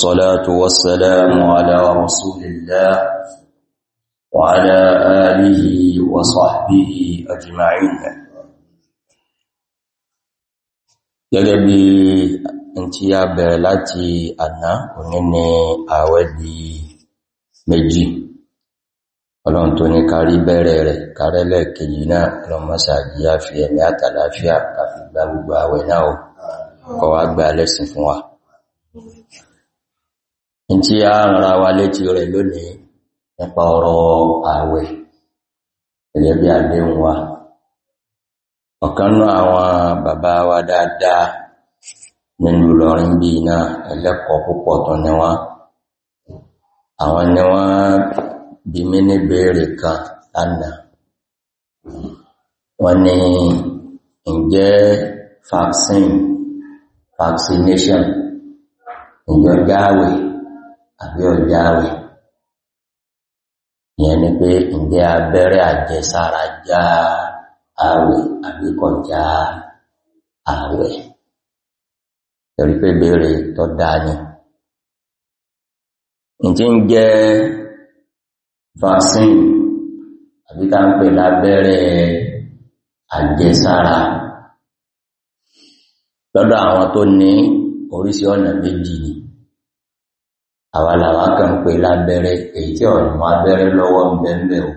الصلاة والسلام على رسول الله وعلى آله وصحبه أجمعين gẹ́gẹ́ bí n tí a bẹ̀rẹ̀ láti àná òní ni àwẹ̀ di méjì ọlọ́run tó ní kárí bẹ̀rẹ̀ rẹ̀ kárẹ́lẹ̀ kejì náà lọ́mọ́sà jí fi ẹ̀mí àtàláfíà kàfígbà gbogbo àwẹ̀ náà kọwàá gbà lẹ́sìn fún wa tí a ń ra wa létí rẹ̀ lónìí nípa ọ̀rọ̀ ààwẹ̀ gẹ́gẹ́ bí àdéhùn wa ọ̀kanú àwọn bàbá wa dáadáa nínú lọrin bí iná ẹlẹ́kọ̀ọ́ púpọ̀ tán ni wọ́n àwọn ni wọ́n bí mí ní béèrè kan lánàá wọ́n ní ǹjẹ́ vaccine vaccination ǹjọ́ jáwèé àbí ọjà rẹ̀ ìyẹn ni pé ǹjẹ́ abẹ́rẹ́ àjẹsára já àwẹ̀ àbí kọjá àwẹ̀ torí pé béèrè tó dáa ni ǹjẹ́ ń jẹ́ vaccine àbí ká ń pè lábẹ́rẹ́ àjẹsára lọ́dọ̀ àwọn tó ní oríṣi ọ̀nà méjì ni àwa làwa kàn ń pè lábẹ́rẹ́ èyí tí ọ̀nà abẹ́rẹ́ lọ́wọ́ ń bẹ́ẹ̀ o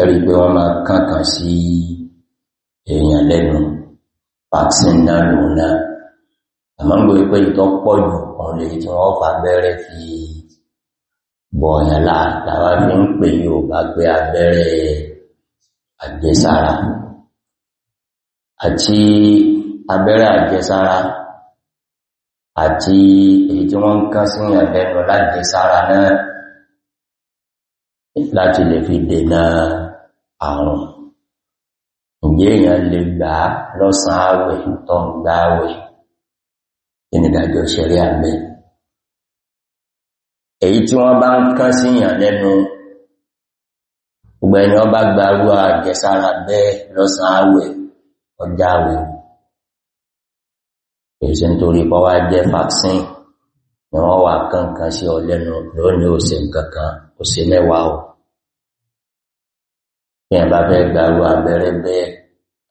ẹ̀rí pé wọ́n máa kankan sí èèyàn lẹ́nu vaccine náà lòun náà àmọ́ ń gbé pé ìtọ́ pọ̀ jù ọ̀hún lè tí wọ́n fa abẹ́rẹ́ fi bọ̀ọ̀yàn láà làwa fi ń pè yóò bá gbé abẹ́rẹ́ àjẹsára àti abẹ́rẹ́ àjẹsára àti èyí tí wọ́n ń kán sí ìyànlẹ́nu láti sára náà láti lè fi dènà àrùn ìgbé èèyàn lè gbà lọ́sàn àwẹ̀ tó ń gbà àwẹ̀ ìnìdàjọ́ ṣẹ̀rí àgbẹ̀ èyí tí wọ́n bá ń kán sí ìyànlẹ́nu gbogbo ẹni ọba gbàrú àjẹsára bẹ́ẹ̀ lọ́sàn àwẹ̀ ọjà àwẹ̀ èsì nítorí pọ́ wá jẹ́ vaccine ni wọ́n wà kankan sí ọ lẹ́nu lónìí ò sí nkankan ò sí mẹ́wàá o bí ẹ̀ bá fẹ́ gbàrú abẹ́rẹ́ bẹ́ẹ̀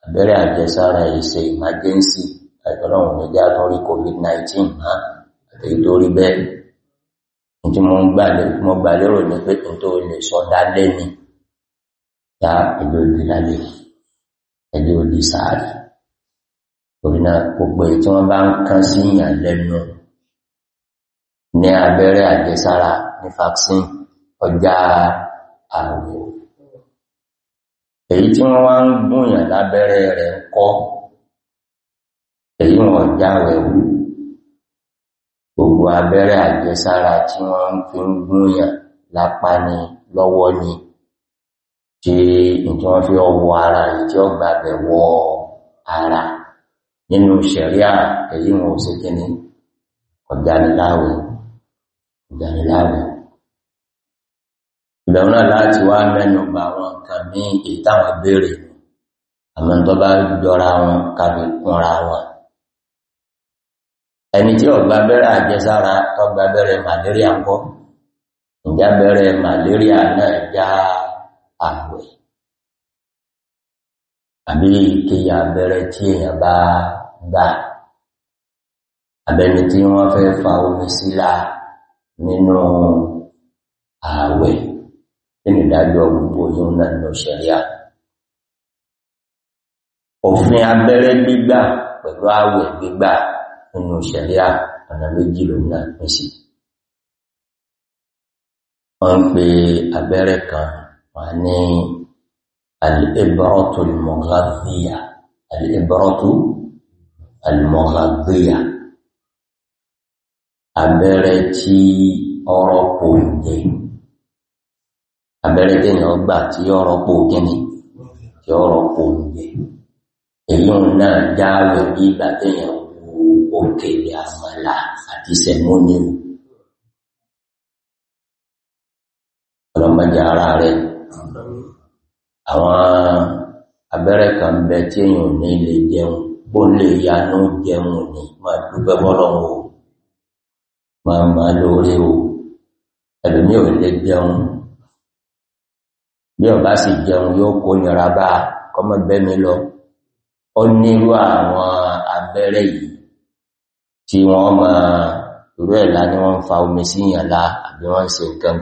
abẹ́rẹ́ àjẹsára ìṣe emergency àìtọ́lọ́wọ̀n ní já tó rí covid-19 náà àti tó rí bẹ́ẹ̀ tí mo gbà lérò ní pé tó lè sọ dálẹ́ ni ya ẹgbẹ́ òdì lálẹ́ ẹgbẹ́ òdì sáàrì torí náà gbogbo tí wọ́n bá ń kán sí ìyàn lẹ́nu ní abẹ́rẹ́ àjẹsára ní vaccine ọjà ààrùn èyí tí wọ́n wá ń gúnyàn lábẹ́rẹ́ rẹ̀ ń kọ́ èyí wọn já rẹ̀wú gbogbo abẹ́rẹ́ àjẹsára tí wọ́n fi ń gúnyàn lápá ni lọ́wọ́ ni tí ìtí wọ́n fi ọwọ́ ara ìtí ọgbà bẹ̀ wọ ara nínú ṣẹ̀ríà èyí wọn ò sí kí ní ọ̀dániláwẹ̀ ọ̀dániláwẹ̀ ìbẹ̀rún náà láti wá mẹ́nu bá àwọn nǹkan ní ìtàwọn béèrè àmọ́ tó bá jọra wọn kàbí kúnra wọn ẹni tí ọgbà bẹ̀rẹ̀ àjẹsára ọgbà bẹ̀rẹ̀ màléríà kọ́ ìjà bẹ̀rẹ̀ náà já àwẹ̀ àbí kéyà bẹ̀rẹ̀ tí èèyàn bá gbà abẹni tí wọ́n fẹ́ fa omi sílá nínú ààwẹ̀ nínú ìdájọ́ gbogbo yóò náà lọ ṣẹ̀ríà òfin abẹ́rẹ́ gbígbà pẹ̀lú ààwẹ̀ gbígbà nínú ṣẹ̀ríà ọ̀nà méjì ló náà pín sí wọ́n ń pe abẹ́rẹ́ kan wà ní al-ibratu al-mughadhiya al-ibratu àlùmọ̀hàgbéyà abẹ́rẹ́ tí ọ̀rọ̀ pò jẹ́ abẹ́rẹ́ tẹ́yàn gbà tí ọ̀rọ̀ pò gẹ́ni tí ọ̀rọ̀ pò jẹ́ èyí náà jáwẹ̀ bí ìgbà tẹ́yàn wo òkèlè àmàlà àti sẹ̀mónìmù ọlọ́mọdé ara rẹ̀ àwọn abẹ́rẹ́ kan bẹ tí èyàn ní lè jẹun bó lè yanú jẹun ní máa dúpẹ́ bọ́lọ́wọ́ máa máa lóore o ẹ̀lùmí ò lè jẹun bí ọba sì jẹun yóò kó nira bá kọmọ bẹ́mi lọ ó nírú àwọn abẹ́rẹ́ yìí tí wọ́n máa irú ẹ̀lá ni wọ́n fa omi síyàn lá àbí wọ́n ṣe nǹkan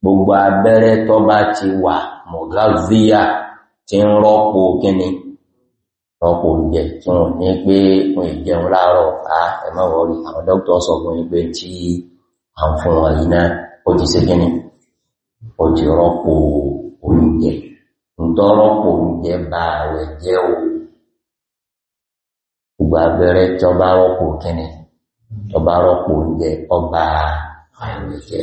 gbogbo abẹ́rẹ́ tó bá ti wà mọ̀gávíà ti ń rọ́pò kíni wọn kò ń jẹ tí wọn ní pé wọn ìjẹun láàárọ̀ à ẹ̀mọ́ wọ́rí àwọn dókítà sọ fún yí pé tí a ń fún wọn yìí náà ó ti ṣe gíní ó ti rọ́pò oúnjẹ ń tọ́ rọ́pò oúnjẹ bá rẹ̀ jẹ́ o gbogbo abẹ́rẹ́ tí ọ bá rọ́pò kíní tó bá rọ́pò oúnjẹ ọba rẹ̀ jẹ́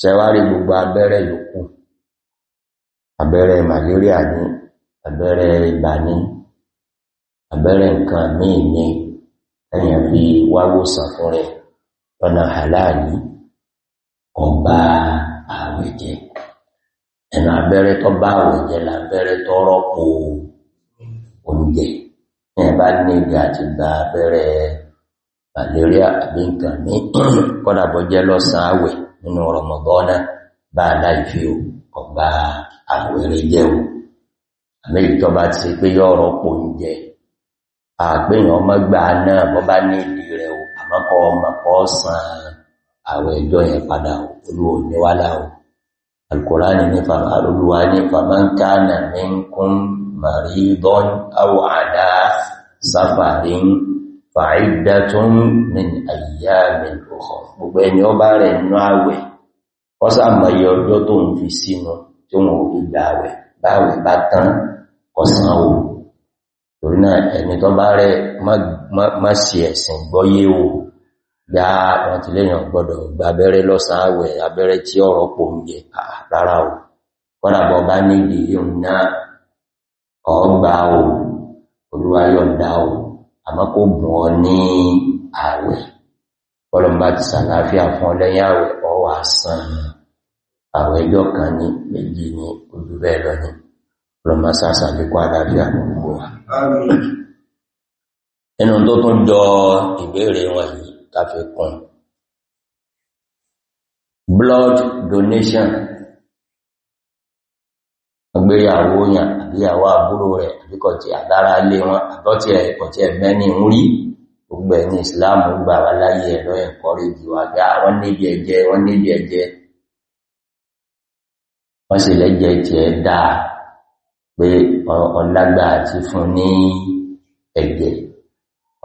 ṣẹwárí gbogbo abẹ́rẹ́ yòókù abẹ́rẹ́ màléríà ní abẹ́rẹ́ ibà àbẹ́rẹ́ nǹkan míì ní ẹ̀yàn fi wáwòsàn fún rẹ̀ ọ̀nà àláàrí ọba àwẹ̀jẹ́ ẹ̀nà abẹ́rẹ́ tó bá àwẹ̀jẹ́ lábẹ́rẹ́ tó rọ́pò oúnjẹ ẹ̀ bá níbi àti gba abẹ́rẹ́ malaria àbí nǹkan ní kọ́dàbọ́jẹ́ lọ́sàn àwẹ̀ nínú rọmọgọ́nà bá aláìfi ọba àwẹ̀rẹ́ o àmì ìtọ́ba ti pé yọ́ rọ́pò oúnjẹ àgbéyàn ọmọ gbà náà bọ́ bá ní ìlú rẹ̀ o àmọ́kọ́ ọmọ kọ́ san àwẹ̀ ẹjọ́ yẹn padà olúwo níwálà o alkùránì ní olúwa ní fàmáńkánà ní kún maridon awàdá sáfàrin fàídàtún ní àyíyá mẹ́lùkọ́ gbogbo ẹni ọ bá rẹ̀ nínú àwẹ̀ kọ́sàmọ̀yẹ ọjọ́ tó ń fi sínú tí wọ́n ò gbà àwẹ̀ báwẹ̀ bá tán kọsàn o torí náà ẹni tó bá rẹ̀ má sí ẹ̀sìn gbọ́yé o gbá wọn ti lẹ́yìn gbọ́dọ̀ gba abẹ́rẹ́ lọ́sàáwẹ̀ abẹ́rẹ́ tí ọ̀rọ̀ pò ń jẹ rárá o kọ́dàbọ̀ bá nídi yóò ná ọgbà o olúwayọ̀dá o àmọ́ kó bùn ọ ní ààwẹ̀ kọlọ̀mbá ti sàláfíà fún ọlẹ́yìn ààwẹ̀ ọwà sàn ààwẹ̀ ẹjọ́ kan ní méjì ní ojú bẹ́ẹ̀ lọ́mọ sàṣà lè kó àlàáfíà gbogbo wa ẹnu tó tún jọ ìbéèrè wọn yìí káfí kún blood donation agbéyàwó yàn àbíyàwó àbúrò rẹ̀ àbíkọ̀ tí àdára lé wọn àtọ́tí ẹ̀ ìkọ̀tí ẹ̀ mẹ́ni ń rí gbogbo ẹ̀yìn ìsìláàmù gbà wà láyé ẹ̀rọ ẹ̀kọ́ rí jù àgbà wọ́n níbi ẹ̀jẹ̀ wọ́n níbi ẹ̀jẹ̀ wọ́n sì lẹ́jẹ̀ tí ẹ dáa pé ọlágbà àti fún ní ẹ̀jẹ̀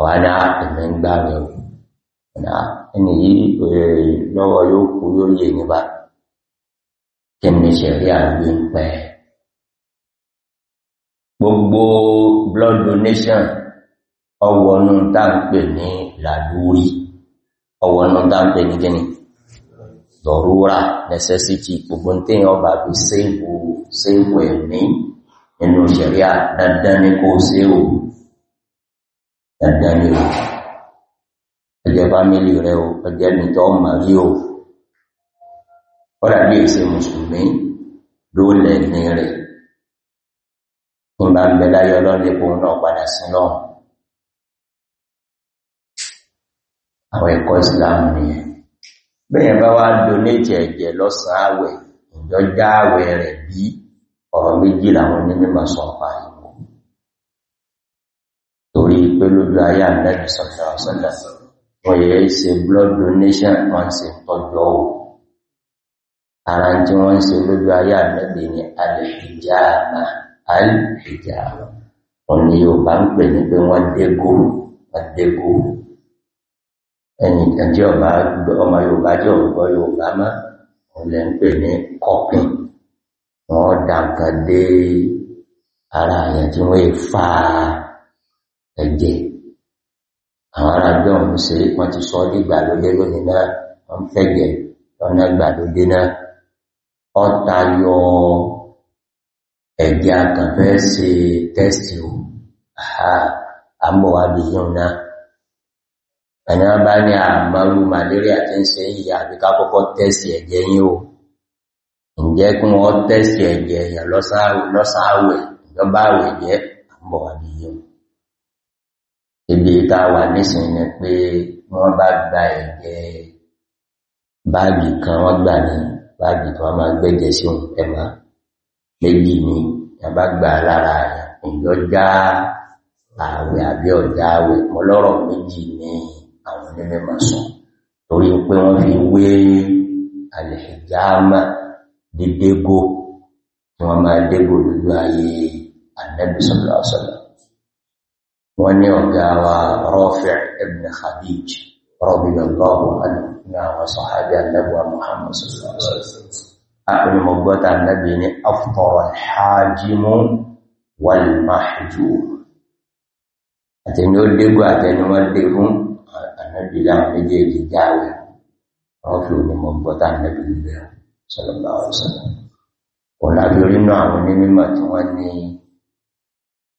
ọ̀hádá ẹ̀mẹ́ ń gbà rẹ̀ ọ̀nà ẹni yìí eh, lọ́wọ́ yóò kú yóò yè níbà kí ni ṣẹ̀rí àgbé ń pẹ́ gbogbo blood donation ọwọ́nú táǹpè ní làlúrí ọwọ́nú táǹpè ní gíní dọ̀rúra necessity gbogbo tí yọ bàbí sẹ́ìwò ẹ̀mí nínú ṣẹ̀ríà dandan ní kó ṣe o dandan ní o ẹjẹ́ fámílì rẹ o ẹjẹ́ nìtọ́ mọ̀rí o ọ̀rọ̀ bí èsè mùsùlùmí ló lẹ́ni rẹ̀ tí bá ń bẹ láyé ọlọ́lẹ́kọ̀ náà padà sí náà àwọn ẹ̀kọ́ ìsìláàmù nìyẹn bẹ́ẹ̀ bá wá donate ẹ̀jẹ̀ lọ́sàn-án àwẹ̀ ìjọ já àwẹ̀ rẹ̀ bíi ọ̀rọ̀ méjì làwọn ní mímọ̀ sọ pa ìwò torí pé lójú ayé àmẹ́rin sọ̀tọ̀ ọ̀sọ̀lẹ̀ wọ́n yẹ ṣe blood donation wọ́n ṣe tọ́jú ọ̀wọ̀ ara tí wọ́n ṣe lójú ayé àmẹ́rin ni alìhìjáàmà alìhìjáàmà wọ́n ni yóò bá ń pè ní pé wọ́n dégò wọ́n dégò ẹnìkan tí ọba ọmọ Yorùbá tí ọgbọ́ Yorùbá mọ́ òun lẹ́ ń pè ní kọ́pìn wọ́n dàǹkan dé ara àyàn tí wọ́n fa ẹ̀jẹ̀ àwọn ará gbé ọ̀hún ṣe wọ́n ti sọ dìgbà lóde lónìí náà wọ́n fẹ̀jẹ̀ lọ́nà gbàlódé náà ọta yọ ẹ̀jẹ̀ àkànfẹ́ ṣe tẹ́sì o àmọ́wà bí yíò náà ẹ̀yàn bá ní àmàrú malaria tí ń ṣe yìí àbíká kọ́kọ́ tẹ́sì ẹ̀jẹ̀ yìí o ǹjẹ́ kí wọ́n tẹ́sì ẹ̀jẹ̀ èèyàn lọ́sàáwẹ̀ ìjọbáwẹ̀ jẹ́ àbọ̀ àdìyàn ibi ìta wà nísìn ni pé wọ́n bá gba ẹ̀jẹ̀ báàgì kan wọ́n gbà ní báàgì tó wọ́n máa gbẹ́jẹ̀ sí ohun ẹ̀mà méjì ni ìyàbá gbà lára ìjọ já ààwẹ̀ àbí ọ̀já ààwẹ̀ mọ́lọ́rọ̀ méjì ni àwọn onímọ̀ sọ torí pé wọ́n fi wé àlẹ̀ṣẹ̀já máa dibego wọn máa débò lójú ayé annabi sallallahu alaihi wasallam wọn ni wa Rafi' ibn Khadij radiyallahu anhu àwọn sọ̀hábí annabi wa Muhammad sallallahu alaihi wasallam àwọn membuat annabi ni aftara al-hajimu wal mahjum àti ní ó dégò àtẹni wọ́n dé fún annabi láwọn méjèèjì jáwẹ̀ Rafi' ni mọ̀gbọ́ta sallallahu alaihi wasallam ọ̀nà lórí náà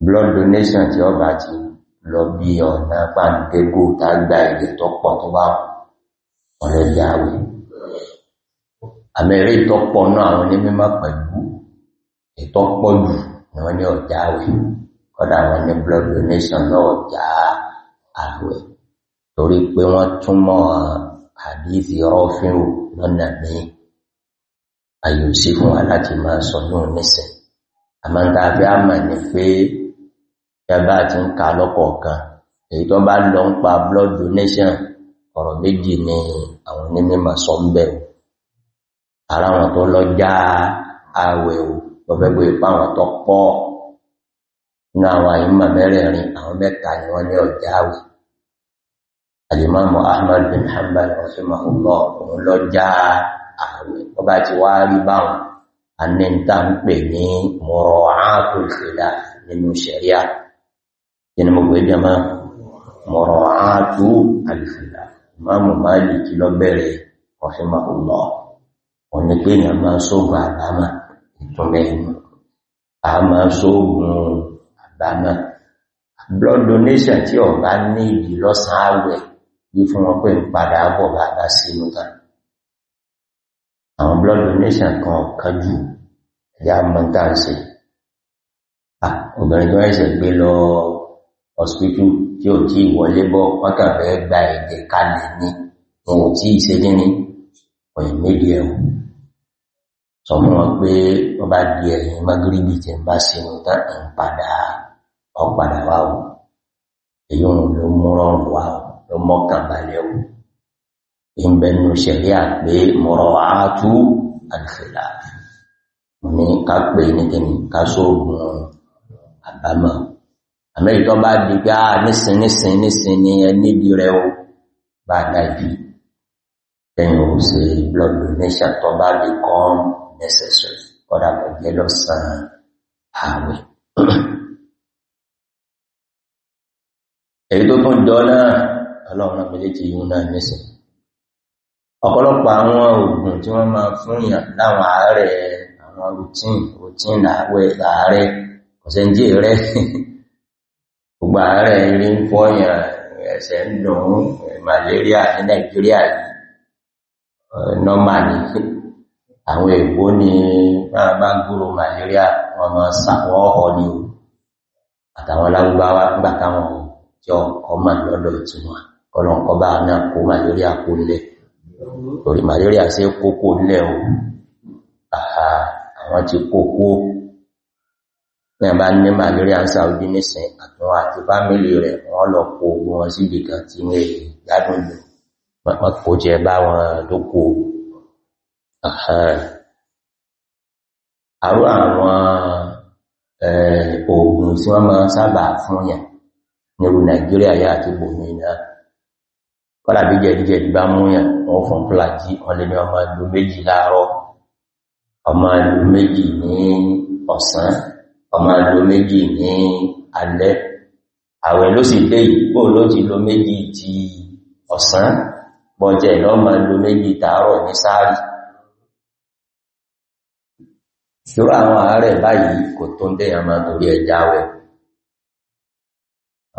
blood donation tí ọba ti lọ bí ọ̀nà pàǹdégó tágbà èdè tó pọ̀ tó bá ọ̀rẹ́ ìyàwó àmẹ́rí ìtọ́pọ̀ náà àwọn onímọ̀ pẹ̀lú ìtọ́pọ̀ jù ni wọ́n ní ọ̀jáwé kọ́dà wọn ní blood donation náà ọ̀já àwẹ̀ torí pé wọ́n túmọ̀ àdífi rọ́fíò lọ́nà míì àyè sí fún wa láti máa sọ náà nísìn àmọ́ta fi á mà ní pé ẹbá ti ń ka lọ́kọ̀ọ̀kan èyí tó bá lọ ń pa blood donation ọ̀rọ̀ méjì ni àwọn onímọ̀ sọ ń bẹ̀rù ara wọn tó lọ já àwẹ̀ o lọ́fẹ́gbé ipá wọn tó pọ̀ ní àwọn àyíma mẹ́rẹ̀ẹ̀rin àwọn mẹ́ta ni wọ́n ní ọjà àwẹ̀ alimamu ahmad bin hanbal rahimahullah òun lọ já ọba ti wá rí báwọn anẹ́ntà ń pè ní mọ̀rọ̀ ápùlùfẹ́lá nínú ṣẹ̀ríà yẹni mọ̀gbẹ̀ jẹma mọ̀rọ̀ ápù alìfẹ́lá máàmù máa lè kí lọ bẹ̀rẹ̀ ọ̀fẹ́màkùnlọ́ ọ̀nà pé ní a máa sóògùn àbámà ìtúnlẹ̀ inú a máa sóògùn àbámà blood donation tí ọ̀gá ní ìdí lọ́sàn-án àwẹ̀ bí fún wọn pé ń padà bọ̀ bàbá sínú kan àwọn blood donation kan kan jù ẹ̀yà mọ́ntàǹsì obìnrin tó ẹ̀ṣẹ̀ gbé lọ hospital tí ò tí ìwọlé bọ́ wákàfẹ́ gba ẹ̀jẹ̀ kalẹ̀ ní wọn ò tí ìṣe gíní ọ̀yìn méjì ẹ̀wọ̀n sọ mọ́ wọn pé wọ́n bá di ẹ̀yìn magribi tí ń bá ṣe wọn tán ń padà ọ̀padà wá o èyí òun ló mú rọrùn wá o ló mọ́kànbalẹ̀ o ìbẹ̀nu ṣẹ̀ríà pé mọ̀rọ̀ àátú àdìfẹ̀lá ní ká pè ní kìnnì ká sóògùn àbámọ̀ amẹ́ríkà bá di pé a ah, nísìn nísìn nísìn ní ẹníbi rẹ̀ ó bá dájú lẹ́yìn ò sí blood donation tó bá lè kọ́ necessary kọ́dà kò jẹ́ lọ́sàn-án ààwẹ̀ èyí tó tún jọ náà ọlọ́run méjèèjì yìí náà nísìn ọ̀pọ̀lọpọ̀ àwọn oògùn tí wọ́n máa fún yàn láwọn ààrẹ àwọn routine routine àwẹ̀ ààrẹ ọ̀sẹ̀njì rẹ̀ gbogbo ààrẹ rí ń fọ́yàn ẹ̀sẹ̀ ń dùn malaria ní Nàìjíríà eh, normally àwọn èèwọ̀ ni máa bá gbúrò malaria wọn máa sàwọ́ ọ̀họ̀ ni o àtàwọn lágbàwá gbà káwọn tí ọkọ̀ ìtumọ̀ kọ́lọ̀kọ́ bá náà kó malaria kó lẹ́ẹ̀ orí malaria sí kókó lẹ́ o àhà àwọn ti kókó ní àbá ní malaria ń Saudi nísìn àtúnwà àti fámílì rẹ̀ wọ́n lọ kó ogun wọn síbi kan tí ní gbádùn lò wọ́n kó jẹ bá wọn tó kó àhà àrú àwọn eh, oògùn tí wọ́n máa sábà fún yàn nílùú Nàìjíríà yá àti gbòmìnira kọ́lá bí jẹ̀díjẹ̀dí bá múyàn wọ́n fún plájí ọlẹ́ ni ọmọ ìlú méjì láàárọ̀ ọmọ ìlú méjì ní ọ̀sán ọmọ ìlú méjì ní alẹ́ àwẹ̀ ló sì dé ìpò ló ti lo méjì ti ọ̀sán bọ́jẹ̀ lọ́mọ ìlú méjì tààrọ̀ ní sáàrì ṣúrọ̀ àwọn ààrẹ báyìí kò tó ń dẹ́yàn máa torí ẹja wẹ̀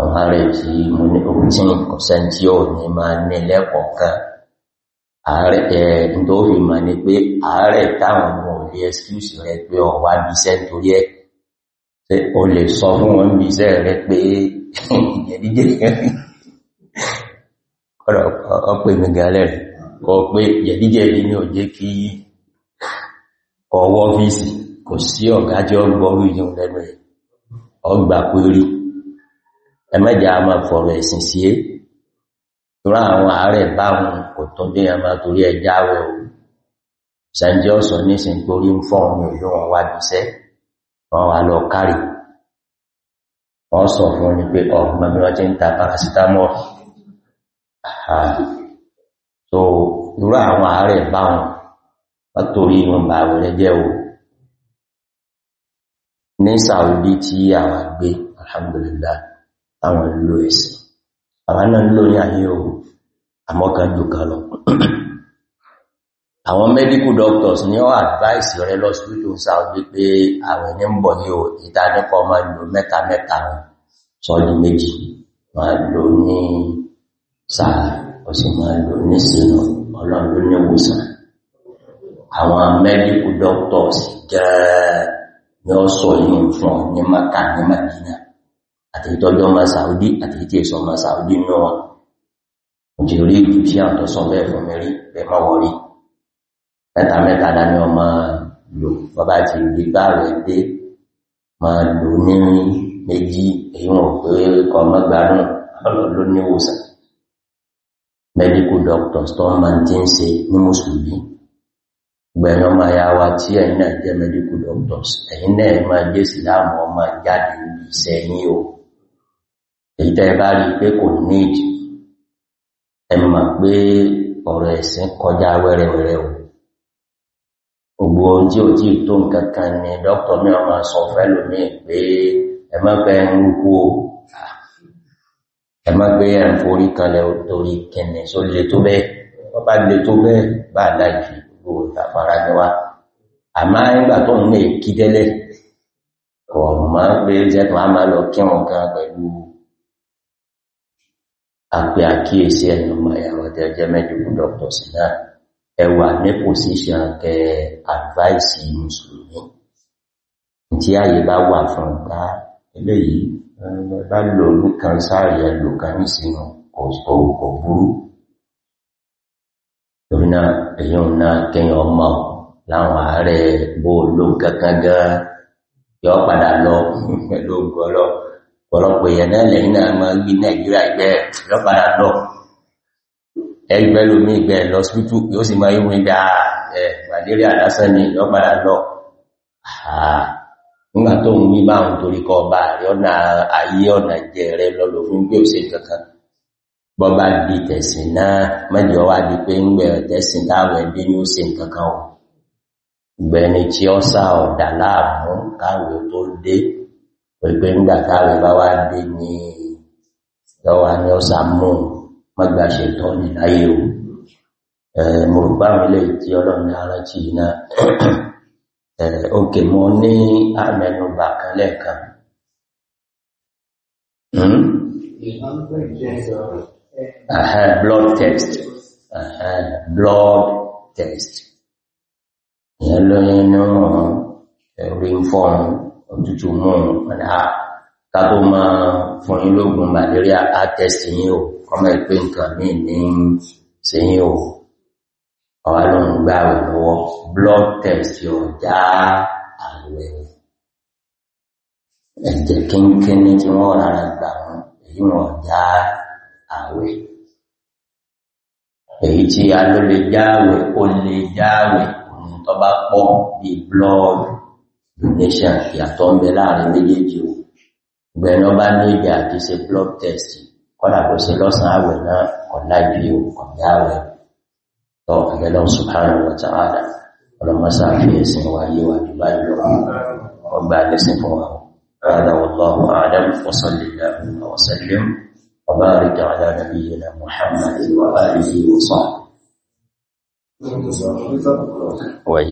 àwọn ààrẹ tí mo ní òtí ọ̀sẹ̀ tí ó ní máa ní lẹ́kọ̀ọ̀kan ààrẹ ẹ̀ tó rí ma ní pé ààrẹ táwọn ọmọ òlé excuse rẹ pé ọwá bíṣẹ́ torí ẹ o lè sọ fún wọn bíṣẹ́ rẹ pé jẹ̀díjẹ̀dí ọwọ́ fíìsì kò sí ọ̀gájọ́ gbọ́rú ìyún lẹ́nu ẹ̀ ọgbà pé ẹmẹ́jà a máa fọ̀rọ̀ ẹ̀sìn sí é tóra àwọn ààrẹ báwọn kò tó bí a máa torí ẹjá rẹ̀ o sàǹjẹ́ ọ̀sọ̀ nísìn torí ń fọ́ ọmọ ìlú wọn wá jíṣẹ́ wọn wà lọ kárì wọ́n sọ fún ní pé ọgbọ́n bí wọ́n ti ń ta paracetamol so irú àwọn ààrẹ báwọn wọ́n torí wọn bá wọlé jẹ́ o ní Saudi tí àwọn gbé alhamdulillah àwọn ìlò ẹ̀sìn àwọn náà lò ní ayé o àmọ́kan jùkà lọ àwọn medical doctors ní ọ́ advice rẹ lọ sí ìlú south wípé àwọn ẹni ń bọ̀ ní o ìta nípa ọmọ ìlò mẹ́ta mẹ́ta sọ́ọ̀dì méjì máa lò ní sáà ó sì máa lò ní sínú ọlọ́run ní ìwòsàn àwọn medical doctors gẹ́ẹ̀ ni ó sọ yìí fún ní maka ní madina àti ìtọ́jọ́ ma Saudi àti ìtí èso ma Saudi ní wọn jẹ́ orí ìlú tí a tọ́ sọ bẹ́ẹ̀ fún mẹ́rí ẹ̀mọ́ wọrí mẹ́ta mẹ́ta dání ọmọ lò bọ́bá ti rí bá rẹ̀ dé ma lò ní méjì èyàn pé kọ mọ́gbàrún ọlọ́lọ́ ní òsàn medical doctors tó máa ti ń ṣe ní mùsùlùmí gbẹ̀yàn máa yá wa tí ẹ̀yin náà jẹ́ medical doctors ẹ̀yin náà máa jẹ́ sí ọmọ jáde iṣẹ́ o èyí tẹ́ bá rí pé kò need ẹ mọ̀ pé ọ̀rọ̀ ẹ̀sìn kọjá wẹ́rẹwẹ̀rẹ o gbogbo ohun tí ò tí tó nǹkan kan ni dókítà mi ọmọ sọ fẹ́lòmí pé ẹ má pẹ́ ń rúkú o ẹ má gbé ẹ̀ ń forí kalẹ̀ torí kẹ̀nì só lè tó bẹ́ẹ̀ wọ́n bá lè tó bẹ́ẹ̀ bá láìfi gbogbo ìtàfàrà ní wá àmá nígbà tó ń lè kí tẹ́lẹ̀ ọ̀mọ́ pé jẹ́ tó á máa lọ kírun kan pẹ̀lú àpẹ àkíyèsí ẹnu ẹ̀rọ̀dẹ̀ jẹ́ mẹ́dìkún dr sinai ẹwà ní pòsíṣàn kẹ àdváìsì mùsùlùmí tí ààyè bá wà fún ọ̀pá eléyìí bá lò ní kan sáàrì ẹlò kan ní sínú kò burú torí náà èyàn náà kẹyàn ọmọ láwọn ààrẹ bó ló kankan gan yọ padà lọ pẹ̀lú ọgọ́lọ́pù ọ̀pọ̀lọpọ̀ èèyàn náà lẹ́yìn náà máa ń gbé nàìjíríà ìgbẹ́ lọ́padà lọ ẹgbẹ́ lómi ìgbẹ́ lọ síbítù yóò sì máa yíwọ́n ìgbà ẹ̀ màlẹ́ríà lásán ni lọ́padà lọ nígbà tó ń wí bá ń torí kọ ọba rẹ ọ̀nà ayé ọ̀nà jẹ rẹ lọ́lọ́ fún gbé òsè kankan bọ́bá di tẹ̀sìn náà mẹ́jọ wá di pé ń gbẹ̀ tẹ̀sìn láwọ̀ ẹbí ní ó ṣe kankan ọ̀ gbẹ̀ni tí ó sá ọ̀dà láàmú káwẹ̀ tó dé pẹ̀lú ìgbàta rẹ̀ bá wá dé ní lọ́wà ní ọ̀sà mọ́ magbàṣẹ̀ tọ́ ní láyé o mọ̀rùgbàmílẹ̀ tí ọlọ́rin ara ti iná òkè blood test blood test ìyẹn lóyìn náà òtútù mú ọ̀dá kátó ma fún yín lóògùn malaria àtẹ́sì yín o kọmọ ìpé nǹkan míì ní sí yín o ọwá ló ń gbá rẹ̀ lọ́wọ́ blood test já àwẹ̀ ẹ̀jẹ̀ kínkínní tí wọ́n rárá gbà wọn èyí wọn ọ̀dá àwẹ̀ èyí tí a ló lè jáwẹ̀ ó lè jáwẹ̀ òun tó bá pọ̀ bí blood Indonesia ìyàtọ̀ ń bẹ láàrin méjèèjì o gbẹ̀nà bá ní èdè àti ṣe blood test kọ́nà kò sí lọ́sàn àwẹ̀ náà ọ̀nà ìbí o ọ̀gá rẹ̀ tọ́ àbẹ́lọ́ subhanahu wa ta'ala ọlọ́mọsá fi ẹ̀sìn wa yé wa jù báyìí وسلم وبارك على نبينا محمد وآله وصحبه